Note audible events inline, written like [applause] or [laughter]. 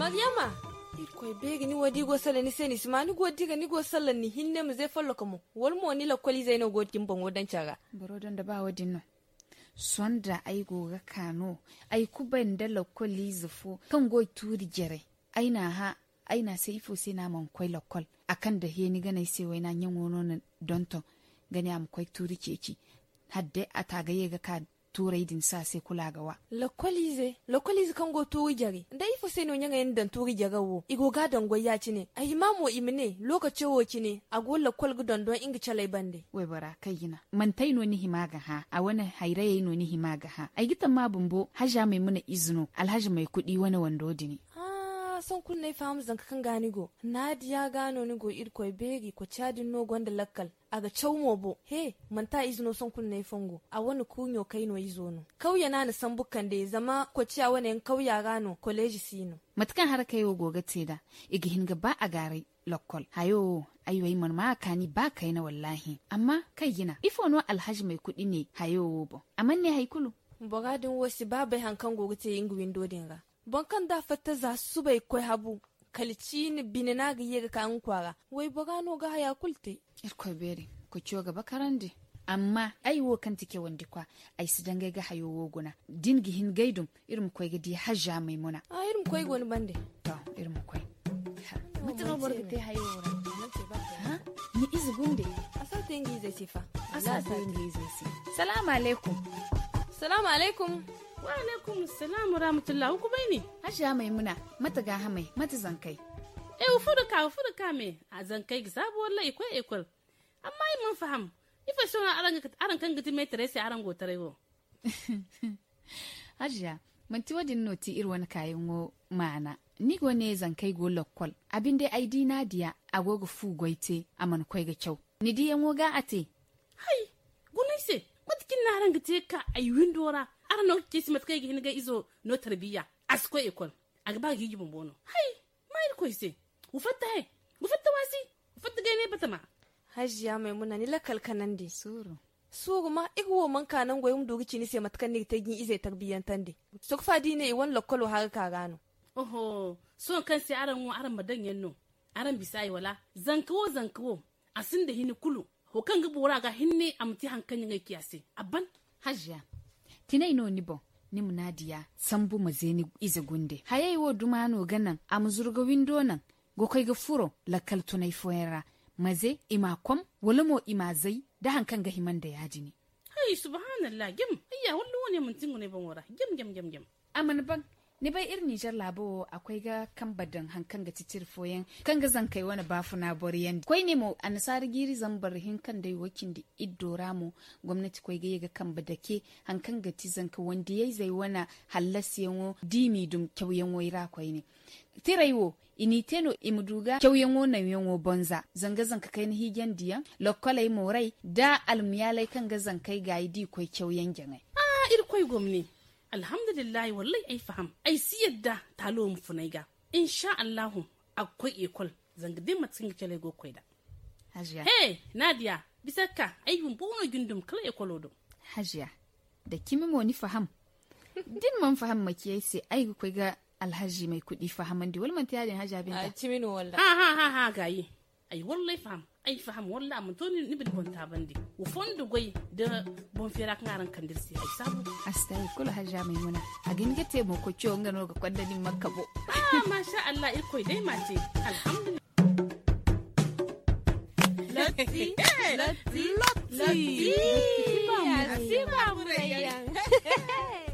maryama koy bege ni wadi go sala ni seni ma ni godi ga ni go sala ni hinne mu zai fallo kamo wal mo ni la kwali zai no godi kimban wodan chaga. baro don da ba wadin no sonda ai go ga kano ai ku ban da la lokol zufo kan go turi jere ai na ha ai na sai ifo sai na man kwai kol akan da he ni ganai sai wai na nyan wono don to gani am kwai turi ceci hadde a ye ga ka turai din sa sai kula ga wa. gawa lokalize kan kango turi jari da ifo sai no nyanga yin dan turi wo, igo ga dango ya ci ne a mamo imne lokaci wo ki ne a go lokol gu don inga chalai bande wai bara kai yina man tai no ni ga ha a wani hairaye no ni ga ha ai gitan ma bumbo haja mai muna izino alhaji mai kuɗi wani wando dini son kunne famu zanka kan ganigo nadia gano nigo irko begi ko chadin no gonda lakkal aga chaumo bo he manta izno son kunne fongo a wani kunyo kaino izono kauya na na san bukkan da zama ko ciya wani kauya gano college sino matkan har kai go goga teda igihin ga ba a gare lokkol hayo aiwai man ma kani ba kai na wallahi amma kai gina ifo no alhaji mai kudi ne hayo bo amma ne haikulu bogadin wasu babai hankan gogote yin ingu window dinga bankan da fata za su bai kwai habu bini na ga yega kan kwara wai gano ga haya kulte irko beri ku ciwo gaba karande amma ai wo kan tike wandi kwa ai su dan ga hayo wo guna dingi hin gaidum irin kwai ga di hajja maimuna a irin kwai goni bande to irin kwai mutum borga te hayo wora ni izu gunde asate ngi zai sifa asate ngi zai si salamu alaikum salamu alaikum wa alaikum salamu rahmatullahi ku bai ne hashiya mai muna mata ga hamai mata zankai e eh, ufuruka ufuruka me a zankai ga sabuwar lai ko ekol eh, amma yi mun faham ifa wani aran kan gidi mai tare sai aran gotare wo [laughs] hashiya man ti wadin noti wani kayan wo ma'ana ni go ne zankai go lokwal, abin da ID na diya agogo fu goite man koi ga kyau ni diyan wo ga ate hai gunai se wata kin na aran gidi ka ayi windora ar no kismet kai gihini ga izo no tarbiya asko ikon agba gigi bombono hai mai ko ise ufatta he ufatta wasi ufatta gane batama hajiya muna ni lakal kanan de suru suru ma igwo man kanan mu dogi cini se matkan ne tagin ize tarbiyan tande sok fadi ne iwan lokolo har ka gano oho so kan se aran wo aran madan yanno aran bisai wala zankawo zankawo asin da hini kulu hokan ga ga hinne amti hankan yin kiyase abban hajiya tina ino ni bon nim nadiya sambu mazeni iza gunde hayai wo dumano ganan amzurga windo nan go kai ga furo lakal tunai foyara maze ima kwam walamo ima zai da hankan ga himan da yaji ne hai subhanallah gem ayya wallo ne mun tingu ne ban wara gem gem gem gem aman ban ni bai irin nijar labo akwai ga kan badan hankan ga titir foyen kan ga zan kai wani bafu na boriyan kwai ne mu ansar giri zan bar hinkan dai wakin da iddora mu gwamnati kwai ga ga kan badake hankan ga tizan ka wanda yayi zai wana hallasiyan wo dimi dum kyauyen waira kwai ne tiraiwo ini teno imuduga kyauyen wo nan yan bonza zanga zanka kai ni higen diyan lokkolai morai da almiyalai kan ga zan kai ga idi kwai kyauyen gyanai ah ir kwai gwamnati alhamdulillahi wallai ai faham ai si yadda talo mu ga insha allahu akwai ekol zanga dimma cikin kele go koida hajiya hey nadia bisakka ai bun bono gundum kala ekolo do hajiya da kimi mo ni faham din man faham makiyai sai ai ga alhaji mai kuɗi fahaman di walman ta yadin hajiya binta ah, kimi no wallahi ha ha ha ha gayi ai wallai faham ai faham walla amma to ni bin bonta bande wo fondu goy da bon fera ngaran kandir si ai sabu astai kula hajja maimuna agin gete mo ko ciyo ngano ga kwanda din makka bo ah masha Allah irko dai mace alhamdulillah Lati, lati, lati, lati, lati, lati, lati, lati, lati, lati,